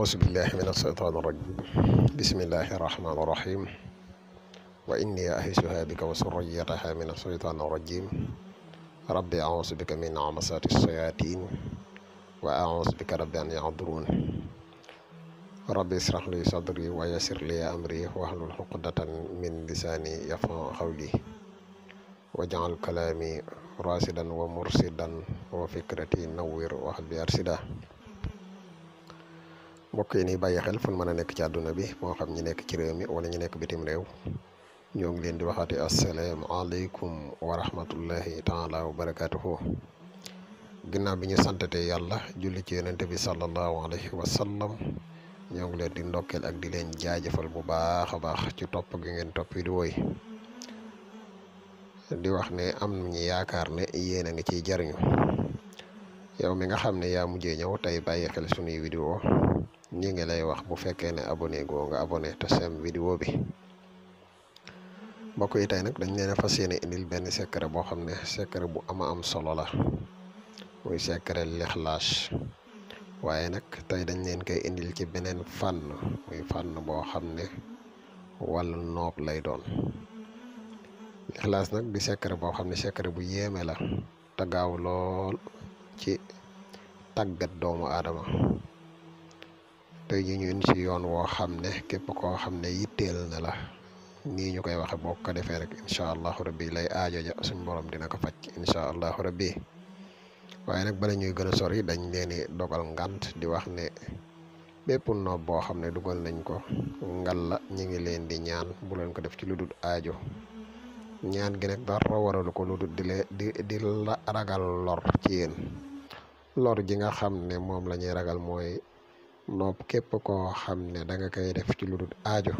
أعوذ بالله من الشيطان الرجيم بسم الله الرحمن الرحيم وإني أهشها بك وسريتها من الشيطان الرجيم ربي أعوذ بك من عمسات الشياطين وأعوذ بك ربي أن يعذرون ربي اشرح لي صدري ويسر لي أمري واحلل عقدة من لساني يفقهوا قولي واجعل كلامي راشدا ومرشدا وفكرتي نور واهل أرشدا mbokk yi ni bàyyi xel fan mën a nekk ci àdduna bi moo xam ñi nekk ci réew mi wala ñu nekk bitim réew ñoo ngi leen di waxaati assalaamu aleykum wa rahmatullahi taala wa barakaatuhu ginnaaw bi ñu te yàlla julli ci yonente bi sallallahu alayhi wa sallam ñoo ngi leen di ndokkeel ak di leen jaajëfal bu baax a baax ci topp gi ngeen topp di woy di wax ne am ñu yaakaar ne yéen a ngi ciy jariñu yow mi nga xam ne yaa mujjee ñëw tey bàyyi xel sunuy vidéo ñi nga lay wax bu fekkee ne abonné go nga abonné te sem vidéo bi mbokk yi tey nag dañ leen a fas yéene indil benn secret boo xam ne secret bu ama am solo la muy secret lixlaas waaye nag tey dañ leen koy indil ci beneen fànn muy fànn boo xam ne wàllu noob lay doon lixlaas nag di secret boo xam ne secret bu yéeme la te gaaw lool ci tàggat doomu aadama tey ñu ñun ci yoon woo xam ne képp koo xam ne yitteel na la nii ñu koy waxe boo ko defee rek incha allahu rabbi lay aajo ja suñu borom dina ko faj incha allahu rabbi waaye nag bala ñuy gën a sori dañ leen dogal ngant di wax ne bépp noob boo xam ne dugal nañ ko ngal la ñu ngi leen di ñaan bu leen ko def ci lu dul aajo ñaan gi nag dara waralu ko lu di di di ragal lor ci yéen lor gi nga xam ne moom la ñuy ragal mooy noob képp koo xam ne danga koy def ci lu dul aajo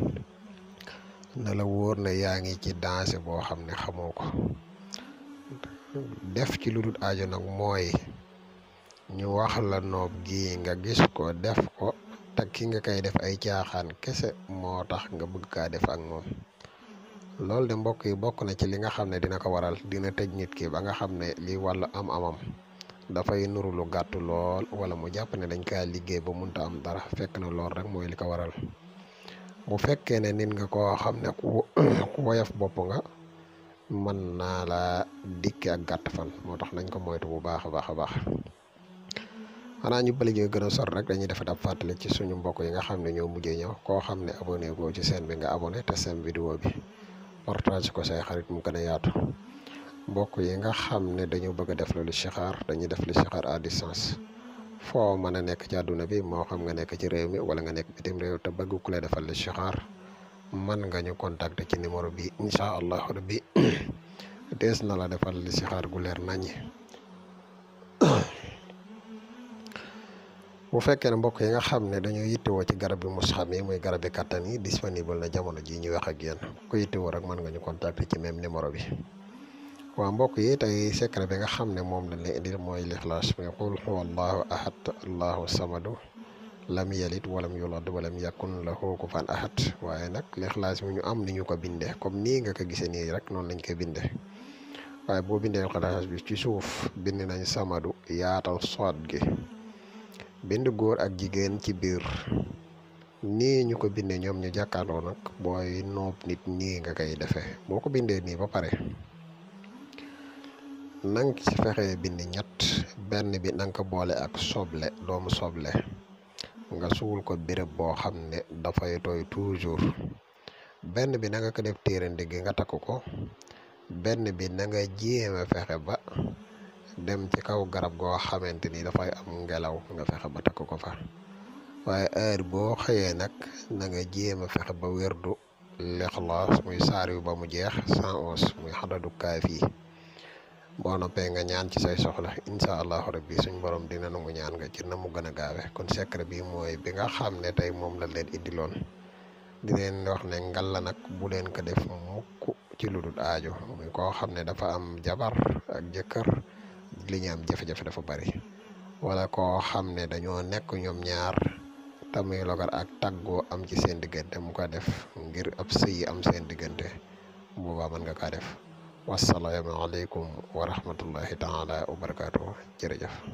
na la wóor na yaa ngi ci dansé boo xam ne xamoo ko def ci lu dul aajo nag mooy ñu wax la noob gi nga gis ko def ko te ki nga koy def ay caaxaan kese moo tax nga bëgg kaa def ak moom loolu de mbokk yi bokk na ci li nga xam ne dina ko waral dina tëj nit ki ba nga xam ne lii wàllu am-amam. dafay nuru lu gàtt lol wala mu japp ne dañ ka liggéey ba munta am dara fekk na lol rek moy li ko waral bu fekke ne nin nga ko xamne ku woyof bop nga man na la dikki ak gatt fan motax nañ ko moytu bu baax baax ñu gëna sor rek dañuy def fatale ci suñu mbokk yi nga xamne ñoo mujjé ñëw ko xamne abonné go ci sen bi nga abonné té sen vidéo bi partage ko say xarit mu gëna yaatu bokku yi nga xamne dañu bëgg def lu listixaar dañu def listixaar à distance fo mëna nek ci aduna bi mo xam nga nek ci réew mi wala nga nek bitim réew ta bëgg ku lay defal man nga ñu contacter ci numéro bi insha allah rabbi des na la defal listixaar gu leer nañ bu fekkee ne mbokk yi nga xam ne dañoo yittewoo ci garab bi musxam yi muy garab bi kattan yi disponible na jamono ji ñu wax ak yéen ku yittewoo rek man nga ñu contacter ci même numéro bi. waa mbokk yi tey secret bi nga xam ne moom lañ leen indil mooy lixlaas bi qul huwa allahu ahad allahu samadu lam yalid walam yulad walam yakun lahu kufuwan ahad waaye nag lixlaas bi ñu am ni ñu ko bindee comme nii nga ko gisee nii rek noon lañ ko bindee waaye boo bindee lixlaas bi ci suuf bind nañ samadu yaatal soot gi bind góor ak jigéen ci biir nii ñu ko bindee ñoom ñu jàkkaarloo nag booy noob nit nii nga koy defee boo ko bindee nii ba pare na nga ci fexee bind ñett benn bi na ko boole ak soble doomu soble nga suul ko béréb boo xam ne dafay tooy toujours benn bi na nga ko def téerandi gi nga takk ko benn bi na nga jéem fexe ba dem ci kaw garab goo xamante ni dafay am ngelaw nga fexe ba takk ko fa waaye heure boo xëyee nag na nga jéem a fexe ba wérdu lixlaas muy saar yu ba mu jeex sans os muy xadadu kaaf yi bono noppee nga ñaan ci say soxla incha allahu rabbi suñ borom dina mu ñaan nga ci na mu gën a kon secret bi moy bi nga xamné tay mom la leen indiloon di leen wax ngal la nak bu leen ko def mukk ci luddul aajo muy ko xamné dafa am jabar ak jëkkër li ñi am jafe-jafe dafa bari wala ko xamné dañoo nekk ñom ñaar tamuy logar ak taggo am ci seen muka mu ko def ngir ab sey am seen diggante boobaa man nga ka def wassalaamu aleykum wa rahmatullahi taala wa barakaatu jërëjëf